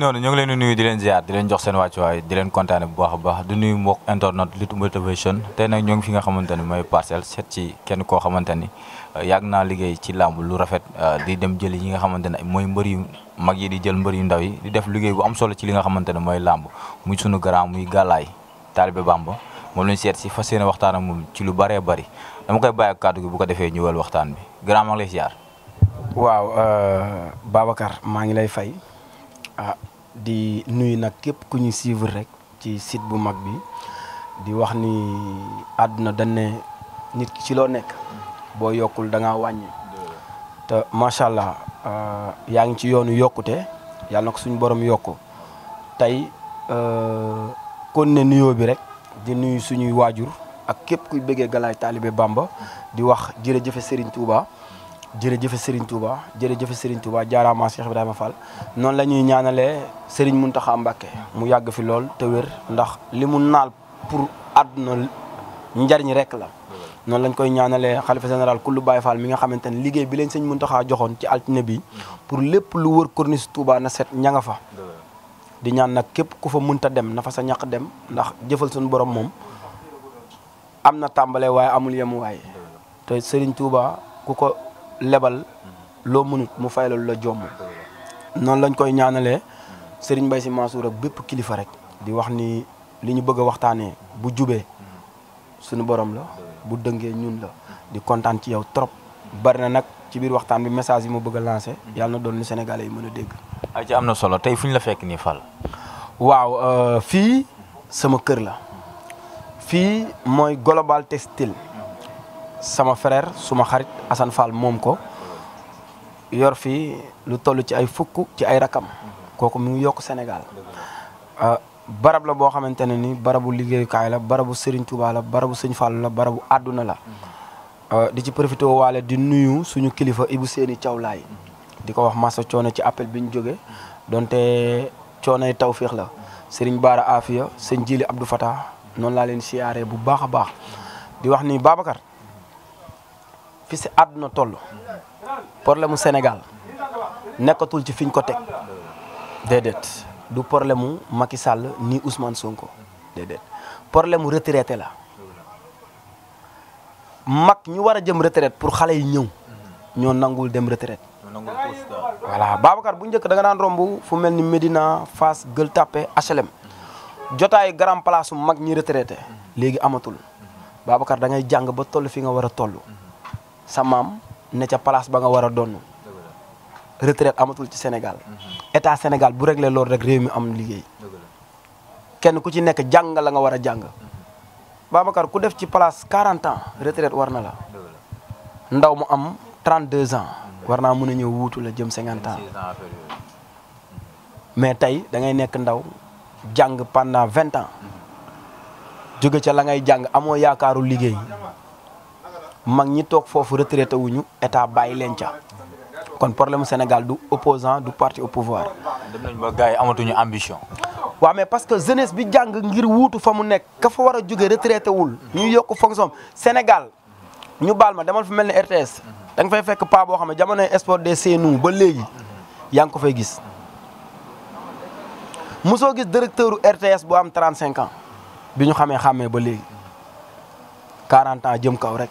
noonu ñu ngi leen nuyu di leen ziar di leen jox seen wàccuwaay di leen contane bu baax baax di nuyu mbokk internet Lutte Motivation tey nag ñu ngi fi nga xamante ni mooy parcelle seet ci kenn koo xamante ni euh, yàgg naa liggéey ci làmb lu rafet euh, di dem jëli yi nga xamante ne mooy mbër yu mag yi di jël mbër yu ndaw yi di def liggéey bu am solo ci li nga xamante ne mooy muy sunu grand muy gàllaay taalibe Bamba moom lañu seet si fas yéene waxtaan ak moom ci lu bëree bëri dama koy bàyyi ak kàddu gi bu ko defee wël waxtaan bi grand mag lay ziar waaw euh, Babacar maa ngi lay fay ah, di nuyu nag képp ku ñuy suivre rek ci site bu mag bi di wax ni àdduna dañ nit ki ci loo nekk boo yokkul da ngaa wàññi te macha allah euh, yaa ngi ci yoonu yokkute yàlla na ko suñu borom yokku tey euh, kon ne nuyoo bi rek di nuyu suñuy waajur ak képp kuy bëggee Galaye taalibe Bamba di wax jërëjëfe Serigne Touba. jërëjëf Serigne Touba jërëjëf Serigne Touba jaaraama Cheikh Ibrahima Fall non lañuy ñaanalé Serigne Mountakha Mbacké mu yagg fi lool te wër ndax limu mu naal pour aduna njariñ rek la. non lañ koy ñaanalé Khalifa général kullu Baye Fall mi nga xamantene liggéey bi leen Serigne Mountakha joxoon ci altiné bi pour lepp lu wër cornice Touba na set ñanga fa. di ñaan nak kep ku fa mënta dem na fa sa ñak dem ndax jëfal suñu borom mom amna tambalé way amul amul way te Serigne Touba kuko lebal loo mënut mu fay la lu la jomm noonu lañ koy ñaanalee Serigne Mbaye Sy Mansour ak bépp kilifa rek di wax ni li ñu bëgg a waxtaanee bu jubee suñu borom la bu dëngee ñun la di kontaan ci yow trop bari na nag ci biir waxtaan bi message yi ma bëgg a lancé yàlla na doon lu Sénégalais yi mën a dégg. ay ci am na solo tey fu ñu la fekk nii fal waaw euh, fii sama kër la fii mooy global textile. sama frère suma xarit Assane Fall moom ko yor fii lu toll ci ay fukk ci ay rakam kooku mu ngi yokk Sénégal euh, barab la boo xamante ne ni barabu liggéeyukaay la barabu Serigne Touba la barabu Sëñ Fall la barabu àdduna la euh, di ci profité waale di nuyu suñu kilifa ibu seeni Thiaw di ko wax masa coono ci appel bi ñu jóge donte coonoy tawféex la Serigne Baara Afia sëñ Jili Abdou Fatah noonu laa leen siyaaree bu baax a baax di wax nii Babacar fi si àdduna toll problème mu Sénégal nekkatul ci fiñ ko teg déedéet du problème mu Macky Sall ni Ousmane Sonko déedéet problème mu retraité la mag ñu war a jëm retraite pour xale yi ñëw ñoo nanguwul dem retraite voilà Babacar bu njëkk da nga daan rombu fu mel ni Médina Fass Gueule Tapée HLM jotaay grand place su mag ñi retraité léegi amatul Babacar dangay jàng ba toll fi nga war a toll sa maam ne ca palace ba nga war a doon amatul ci Sénégal mhm. état Sénégal bu réglé loolu rek réew mi am liggéey kenn ku ci nekk jàng la nga war a jàng mhm. Babacar ku def ci palace quarante ans retraite war na la ndaw mu am deux ans mhm. war naa mën a ñëw wuutu la jëm 50 ans mais tey da ngay nekk ndaw jàng pendant 20 ans jóge ca la ngay jàng amoo yaakaaru liggéey mag ñi toog foofu retraité wuñu état bàyyi leen ca kon problème Sénégal du opposant du parti au pouvoir. dem nañ ba gars yi amatuñu ambition. waa mais parce que jeunesse bi jàng ngir wuutu fa mu nekk ka fa war a jóge retraité wul. ñu yokk fonction Sénégal ñu baal ma demal fu mel ni RTS. da nga fay fekk pa boo xam ne jamonoy sport des seenu ba léegi yaa ngi ko fay gis. mosoo gis directeur RTS bu am 35 ans bi ñu xamee xàmmee ba léegi 40 ans jëm kaw rek.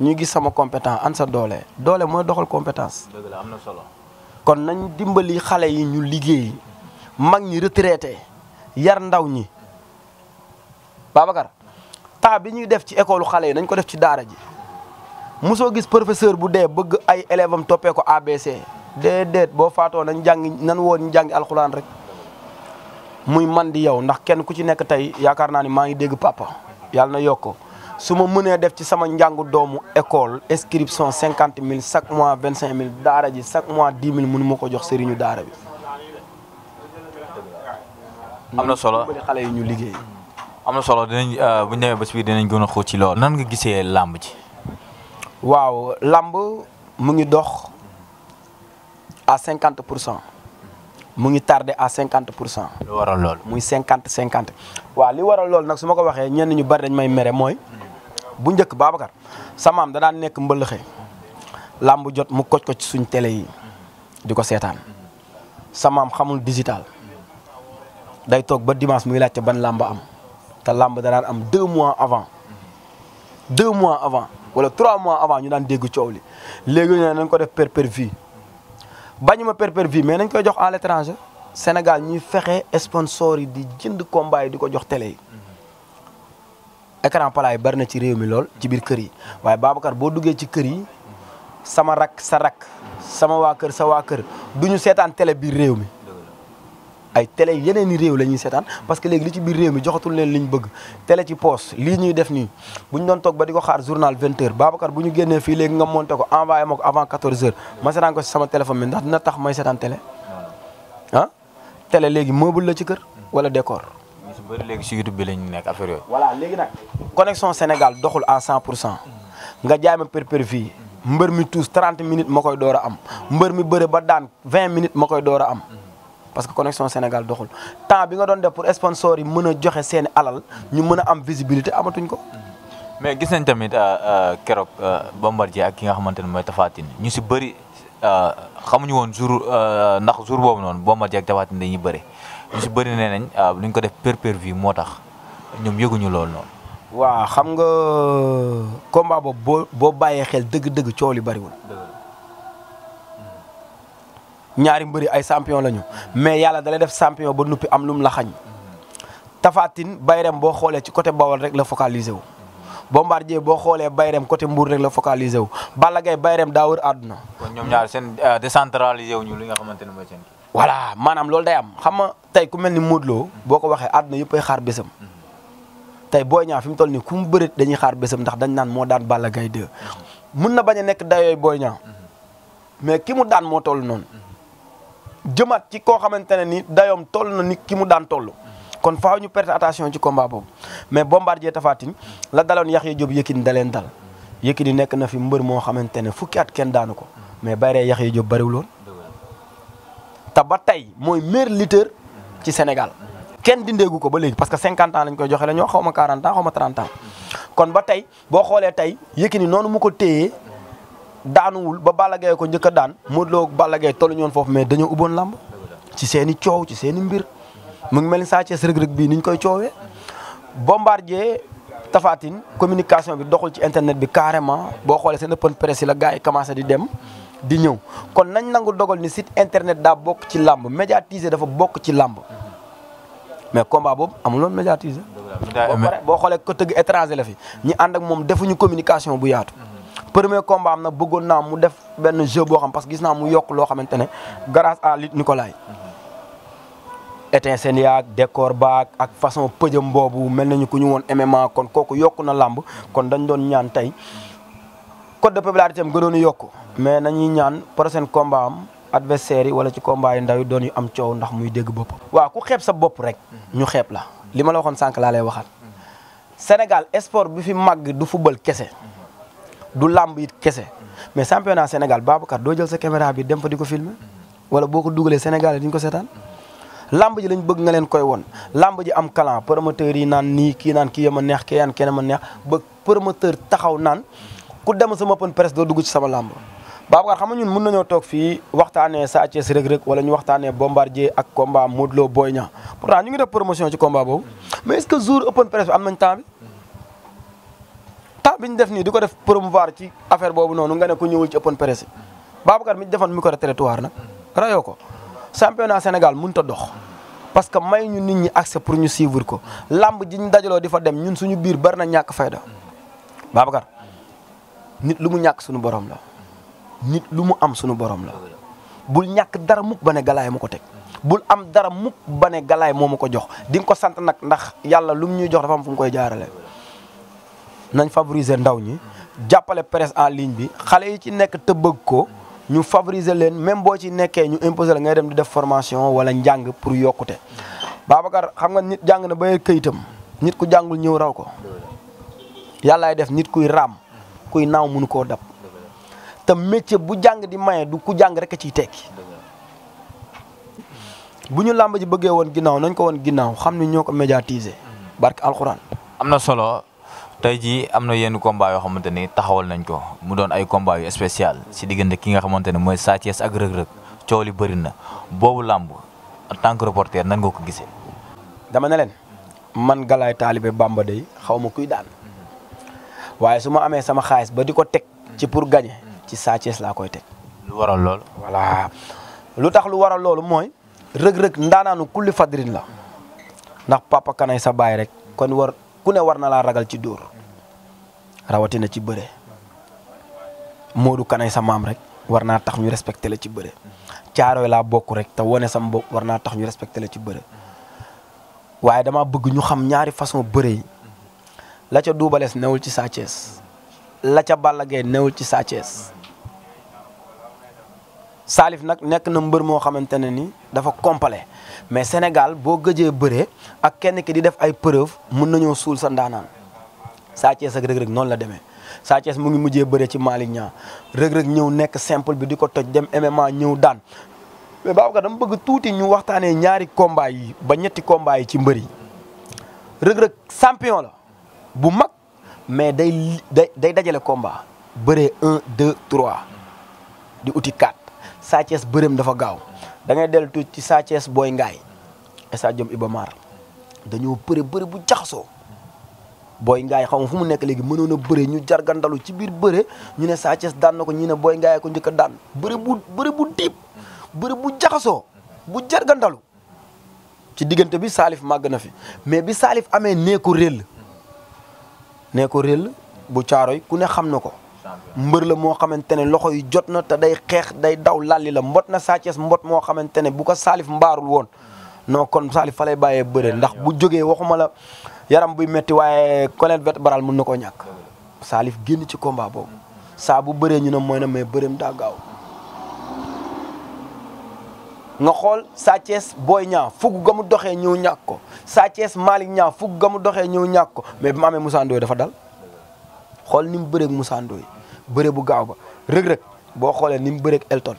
ñu gis sama compétent an sa doole doole mooy doxal compétence. dëgg la am na solo. kon nañ dimbali xale yi ñu liggéey mag ñi retraité yar ndaw ñi Babacar temps bi ñuy def ci école xale yi nañ ko def ci daara ji mosoo gis professeur bu dee bëgg ay élève am toppee ko ABC déedéet boo faatoo nañ jàngi nan woon ñu jàngi alxuraan rek muy man di yow ndax kenn ku ci nekk tey yaakaar naa ni maa ngi dégg papa yàlla na yokko su ma mënee def ci sama njàngu doomu école inscription cinquante mille chaque mois vingt cinq mille daara ji chaque mois dix mille mënu ma ko jox sëriñu daara bi. am na solo xale yi ñu liggéey. am na solo dinañ euh, bu ñu demee ba si biir dinañ gën a xóot ci lool nan nga gisee làmb ji. waaw làmb mu ngi dox à cinquante pour cent mu ngi tarde à cinquante pour cent. lu waral lool muy cinquante cinquante. waaw li waral loolu nag su ma ko waxee ñenn ñu bari dañ may mere mooy. bu njëkk Babacar samaam da daan nekk mbëllëxe làmb jot mu koj ko ci suñ tele yi di ko seetaan samaam xamul digital day toog ba dimanche muy laajte ban làmb am te làmb da daan am deux mois avant deux mois avant wala trois mois avant ñu daan dégg coow li léegi ñu ne nañ ko def per per vie bañu ma per per vie mais nañ koy jox à l'étranger Sénégal ñuy fexe sponsor yi di jënd combat di ko jox télé yi. écran plat yi bari na ci réew mi lool ci biir kër yi waaye Babacar boo duggee ci kër yi sama rak sa rak sama waa kër sa waa kër du ñu seetaan tele biir réew mi ay télé yeneen i réew la ñuy seetaan parce que léegi li ci biir réew mi joxatul leen li ñu bëgg tele ci poste lii ñuy def nii bu ñu doon toog ba di ko xaar journal 20h bu ñu génnee fii léegi nga monté ko envoyé ma ko avant 14h ma seetaan ko si sama téléphone bi ndax dina tax may seetaan télé ah léegi meuble la ci kër wala décor. bari léegi si YouTube bi lañ nekk affaire yooyu. voilà léegi nag connexion Sénégal doxul à 100 pour cent nga jaay ma per per fii mbër mi tuus 30 minutes ma koy door a am mbër mi bëre ba daan 20 minutes ma koy door a am. parce que connexion Sénégal doxul temps bi nga doon def pour sponsor yi mën a joxe seeni alal ñu mën a am visibilité amatuñ ko. mais gis nañ tamit euh, euh, keroog euh, Bombardier ak ki nga xamante ne mooy tafaatin ñu si bëri xamuñu woon jour ndax jour boobu noonu Bombardier ak Tapha Tine dañuy bëri. ñu si bëri nee nañ lu ah, ñu ko def pay-per-view moo tax ñoom yëguñu lool noonu. waa xam nga combat boobu boo boo bàyyee xel dëgg-dëgg coow li bariwul. ñaari mbëri ay champion lañu. mais yàlla dalay def sampion ba nuppi am lum la xañ. Tafatine Bayrem boo xoolee ci côté Bawol rek la focaliser wu. Bombardier boo xoolee Bayrem côté Mbour rek la focaliser wu Balla Gaye Bayrem daa wër àdduna. kon ñoom ñaar seen ah, décentralisé wu li nga xamante ne mooy seen. voilà maanaam loolu day am xam nga tey ku mel ni Modou boo ko waxee àdduna yëpp ay xaar bésam tey Boy Niang fi mu toll nii ku mu bëreet dañuy xaar bésam ndax dañ naan moo daan Balla Gaye 2 mun na bañ a nekk dayooy Boy Niang mais ki mu daan moo toll noonu jëmaat ci koo xamante ne ni dayoom toll na ni ki mu daan toll kon faaw ñu perte attention ci combat boobu mais Bombardier Tapha Tine la daloon Yaxya Diop Yékini da leen dal Yékini nekk na fi mbër moo xamante ne fukki at kenn daanu ko mais Bayré Yaxya Diop bariwuloon te ba tey mooy meilleur lutteur ci Sénégal kenn dindeegu ko ba léegi parce que 50 ans lañ koy joxe la ñu wax xaw ma 40 ans xaw ma kon ba tey boo xoolee tey ni noonu mu ko téyee daanuwul ba Balla ko njëkk daan Modou Lo Balla Gaye tollu ñoon foofu mais dañoo ubboon làmb ci seen i coow ci seen mbir mu ngi mel ni Sa Thiès Reug Reug bii ni ñu koy coowee Bombardier Tapha Tine communication bi doxul ci internet bi carrément boo xoolee seen open press yi la yi commencé di dem di ñëw kon nañ nangu dogal ni site internet daa bokk ci làmb médiatiser dafa bokk ci làmb mais combat boobu amuloon médiatiser boo xoolee ko tëgg étranger la fi ñi ànd ak moom defuñu communication bu yaatu premier combat am na bëggoon naa mu def benn jeu boo xam parce que gis naa mu yokk loo xamante ne grâce à Luc Nicolaï étincelle yaag décor baag ak façon pëjam boobu mel nañu ku ñu woon MMA kon kooku yokk na làmb kon dañ doon ñaan tey code de popularité am gënoon yok mais nañuy ñaan prochain combat am adversaire yi wala ci combat yi ndaw yi doon yu am ciow ndax muy dégg bop wa ku xép sa bop rek ñu xép la lima la waxon sank la lay waxaat Sénégal sport bi fi mag du football kese du lamb yi kese mais championnat Sénégal Babacar do jël sa caméra bi dem fa di ko filmer wala boko ko Sénégal di ñu ko sétane lamb ji lañ bëgg nga leen koy won lamb ji am clan promoteur yi naan ni ki naan ki yama neex kii yaan kenn ma neex ba promoteur taxaw naan ku dem sama open presse do dugg ci sama làmb Babacar xam nga ñun mën nañu tok fi waxtane Sa ci Reug Reug wala ñu waxtane Bombardier ak combat modlo Lo pourtant ñu ngi def promotion ci combat bobu mais est-ce que jour open presse am nañ temps bi temps ñu def ni diko def promouvoir ci affaire bobu nonu nga ne ko ñewul ci open presse Babacar mi defoon micro territoire nak rayo ko championnat senegal mën ta dox parce que may ñu nit ñi accès pour ñu suivre ko lamb ji ñu dajalo difa dem ñun suñu bir barna ñak fayda babakar nit lu mu ñàkk suñu borom la nit lu mu am suñu borom la bul ñàkk dara mukk ba ne galaay mu ko teg bul am dara mukk ba galaay moo ma ko jox di nga ko sant nag ndax yàlla lu mu ñuy jox dafa am fu mu koy jaarale nañ favoriser ndaw ñi jàppale presse en ligne bi xale yi ci nekk te bëgg ko ñu favoriser leen même boo ci nekkee ñu imposer la ngay dem di def formation wala njàng pour yokkute Babacar xam nga nit jàng na ba këyitam nit ku jàngul ñëw raw ko yàllaay def nit kuy raam kuy naaw mënu koo dab te métier bu jàng di maye du ku jàng rek ci ciy tekki bu ñu làmb ji bëggee woon ginnaaw nañ ko woon ginnaaw xam ne ñoo ko médiatiser barke alxuraan. am na solo tey jii am na yenn combat yoo xamante ni taxawal nañ ko mu doon ay combat yu si diggante ki nga xamante ne mooy Sa Thiès ak Reug Reug coow li bëri na boobu làmb en tant que reporter nan nga ko gisee. dama ne leen man galaay Talibe bàmba day xaw ma kuy daan. waaye su ma amee sama xaalis ba di ko teg ci pour gagner ci Sa Thiès laa koy teg. lu loolu. voilà lu tax lu waral loolu mooy. rëg-rëg ndaanaanu kulli fadrin la ndax papa kanay sa baay rek kon war ku ne war na laa ragal ci dóor rawatina ci bëre Modou kanay sa maam rek war naa tax ñu respecté la ci bëre caarooy laa bokk rek te wone sam bopp war naa tax ñu respecté la ci bëre waaye dama bëgg ñu xam ñaari façon bëre yi la ca duubalees newul ci Sa la ca Balla Gaye newul ci Sa Thiès Salif nag nekk na mbër moo xamante ne ni dafa complet mais Sénégal boo gëjee bëree ak kenn ki di def ay preuve mun nañoo suul sa ndaanaan Sa Thiès ak Reug Reug noonu la demee Sa mu ngi mujjee bëree ci Malick Niang Reug ñëw nekk simple bi di ko toj dem MMA ñëw daan mais Babacar dama bëgg tuuti ñu waxtaanee ñaari combat yi ba ñetti combat yi ci mbër yi Reug Reug champion la. bu mag mais day day dajale komba bëree un deux trois di uti quatre Sa Thiès bërëm dafa gaaw da ngay dellu tuuti ci Sa Thiès Boy Ngaay stade Iba Mar dañoo bëre bëre bu jaxasoo Boy Ngaay xam nga fu mu nekk léegi mënoon a bëre ñu jargandalu ci biir bëre ñu ne Sa daan na ko ñu ne Boy Ngaay ko njëkk daan bëre bu bëre bu diib bu jaxasoo bu jargandalu ci diggante bi Salif màgg na fi mais bi saalif amee neeku réel. nee ko réel bu yi ku ne xam na ko mbër la moo xamante ne loxo yi jot na te day xeex day daw lalli la mbot na Sa Thiès mbot moo xamante ne bu ko Salif mbaarul woon hmm. non kon Salif fa lay bàyyee bëre ndax bu jógee waxuma la yaram buy metti waaye colonne baral mun na koo ñàkk Salif génn ci combat boobu saa bu bëree ñu ne mooy na mais bëreem daa gaaw nga xool Sa booy Boy Niang fukk ga mu doxee ñëw ñàkk ko Sa Thiès Malick Niang fukk ga mu doxee ñëw ñàkk ko mais bi mu amee Moussa Ndoye dafa dal xool ni mu bëreeg Moussa Ndoye bu gaaw ba boo xoolee ni mu bëreeg Elton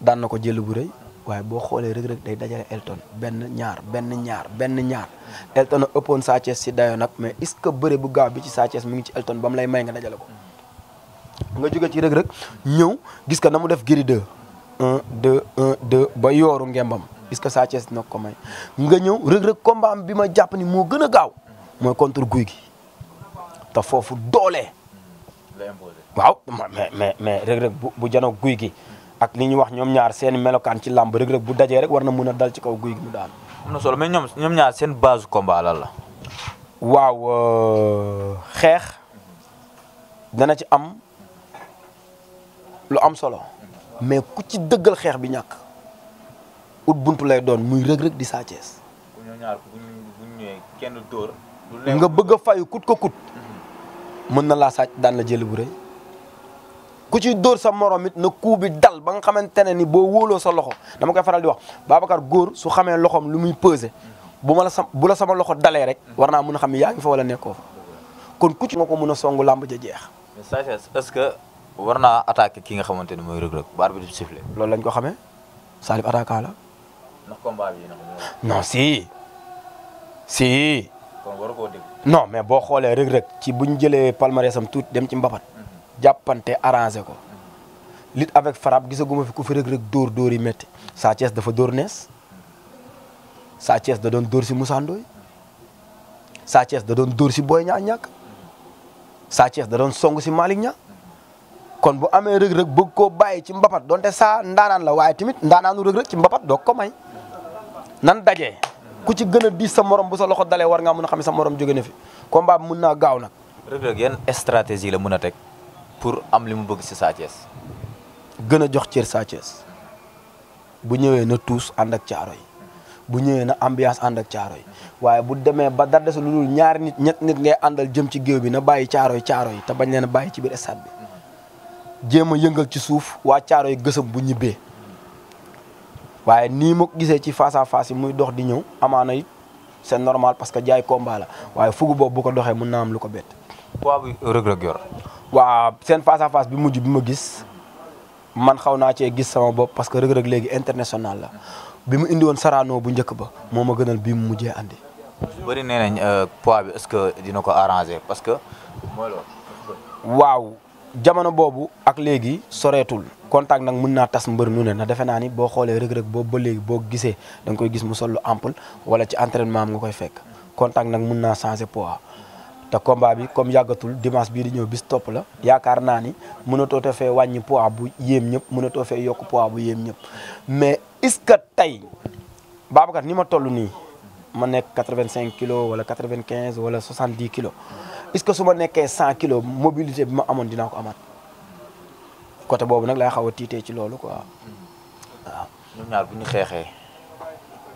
daan ko jël bu rëy waaye boo xoolee rëg-rëg day dajale Elton benn ñaar benn ñaar benn ñaar Elton a ëppoon Sa Thiès si dayoo nag mais est-ce que bëre bu gaaw bi ci Sa mu ngi ci Elton ba mu lay may nga dajale ko nga jóge ci rëg-rëg ñëw gis ko na mu def giri 1 2 1 2 ba yooru ngembam est-ce que Sa Thiès dina ko may nga ñëw Reug Reug combat am bi ma jàpp ni moo gën a gaaw mooy contre guy gi te foofu doole. waaw mais mais mais Reug Reug bu bu janoo guy gi ak li ñuy wax ñoom ñaar seen melokaan ci làmb Reug Reug bu dajee rek war na dal ci kaw guy gi mu daan. am solo mais ñoom ñoom ñaar seen base combat lan la. waaw euh, xeex dana ci am lu am solo. mais ku ci dëggal xeex bi ñàkk ut buntu lay doon muy rëg-rëg di Sa Thiès. kenn dóor. nga bëgg a fayu kut ko kut. Mhm. mën na laa sàcc daan la jël bu rëy ku ci dóor sa morom it na kuu bi dal ba nga xamante ne ni boo wóoloo sa loxo dama koy faral di wax Babacar góor su xamee loxoom lu muy pesé mhm. bu ma la sa bu sama loxo dalee rek mhm. war naa mën a xam ne yaa ngi fa wala nekkoo fa kon ku ci nga ko mun a songu làmb ja jeex. warna naa ki nga xamanteni moy Reug Reug ba arbitre bi sifflé. lolou lañ ko xamé Salif attaquant la. ndax combat bi non si si. kon war ko deg non mais bo xolé Reug Reug ci bu jëlé jëlee palmarèsam tuuti dem ci mbapat. Mhm. jappanté arranger ko. Mhm. lit avec frappe gisaguma fi ku fi Reug Reug dor dóor yi Sa Thiès dafa dor ness mhm. Sa Thiès da don dor ci Moussa Ndoye. Sa Thiès da don dor ci Boy Niang ñàkk. Sa Thiès da don song ci malik Niang kon bu amé reug reug bëgg ko bayyi ci mbapat donte sa ndanan la waye timit ndananu reug reug ci mbapat do ko may nan dajé ku ci gëna di sa morom bu sa loxo dalé war nga mëna xam sa morom jogé na fi combat mëna gaaw nak reug reug yeen stratégie la mëna tek pour am limu bëgg ci Sa Thiès jox ciir Sa Thiès bu ñëwé na tous and ak caaro yi bu ñëwé na ambiance and ak caaro yi waaye bu démé ba dara des lu ñaar nit ñet nit ngay andal jëm ci gëw bi na bayyi caaro yi caaro yi bañ leen bayyi ci biir stade jéem a yëngal ci suuf waa Caaroy gësam bu ñibbee waaye nii mu gisee ci face à yi muy dox di ñëw amaana it c'est normal parce que jaay combat la waaye fugu boobu bu ko doxee mën naa am lu ko bet poids bi rëg-rëg yor. waa seen face bi mujj bi ma gis man xaw naa cee gis sama bopp parce que rëg léegi international la bi mu indi woon Sarano bu njëkk ba moo ma gënal bii mu mujjee andi. bëri nee nañ euh, poids bi est-ce que dina ko arranger parce que mooy waaw. jamono boobu ak léegi soreetul contact nag mun naa tas mbër nu ne na defe naa ni boo xoolee rëg-rëg boobu ba léegi boo gisee danga koy gis mu solo lu ample wala ci entraînement am nga koy fekk contact nag mun naa changer poids te combat bi comme yàggatul dimanche bii di ñëw bis topp la yaakaar naa ni mënatoo te fee wàññi poids bu yéem ñëpp mënatoo fee yokk poids bu yéem ñëpp mais est-ce que tey Babacar ni ma toll nii ma nekk 85 kilos wala 95 wala 70 kilos est-ce que su ma nekkee cent kilos mobilité bi ma amoon dina ko amaat côté boobu nag lay xaw a tiitee ci loolu quoi waaw. ñoom bu ñu xeexee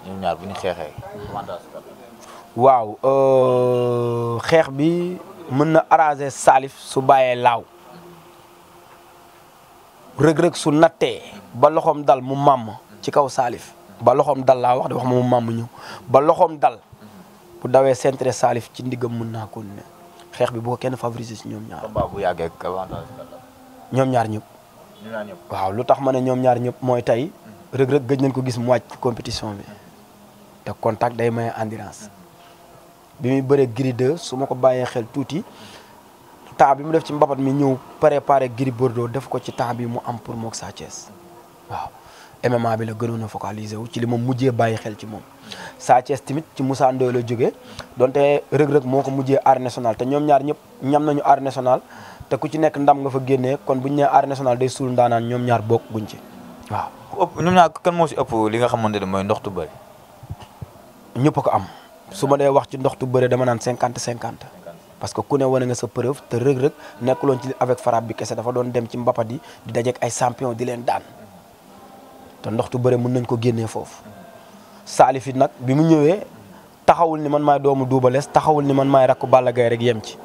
ñoom bu ñu xeexee. waaw euh, xeex bi mën na arranger Salif su bàyyee laaw rëg-rëg su nattee ba loxoom dal mu màmm ci kaw Salif ba loxoom dal laa wax de wax ma mu màmm ñëw ba loxoom dal bu dawee centre Salif ci ndiggam mën naa ko ne xeex bi bu ko kenn favoriser si ñoom ñaar. combat bu yàggee ak avantage ñoom ñaar ñëpp. waaw lu tax ma ne ñoom ñaar ñëpp mooy tey. Mm-hmm. Reug Reug gëj nañ ko gis mu wàcc compétition bi. Mm-hmm. te contact day maye endurance. Mm-hmm. bi muy bëree Gris 2 su ma ko bàyyee xel tuuti. temps bi mu def ci mbapat mi ñëw préparé Gris Bordeaux def ko ci temps bi mu am pour moog Sa Thiès waaw. MMA bi la gënoon a focaliser wu ci li ma mujjee bàyyi xel ci mom Sa Thiès timit ci Moussa Ndoye la jógee donte rëg-rëg moo ko mujjee arène nationale te ñoom ñaar ñëpp ñam nañu arène national té ku ci nekk ndam nga fa génné kon bu né nee national day sul ndaanaan ñom ñaar bok buñ ci waaw. ku ëpp ñoom ñaar kan mo ci ëpp li nga xamante moy mooy ndoxtu bëri. ñëpp ko am suma ma wax ci ndoxtu bëri dama naan 50 50 parce que ku ne wane nga sa preuve te rëg-rëg nekkuloon ci avec Farab bi kessé dafa doon dem ci mbapat yi di dajeek ay champion di leen daan. te ndoxtu bëre mën nañ ko génnee foofu saalifit nag bi mu ñëwee taxawul ni man maay doomu Double Less taxawul ni man may rakku Balla gay rek yem ci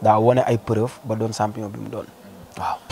daa wone ay preuve ba doon sampion bi mu doon waaw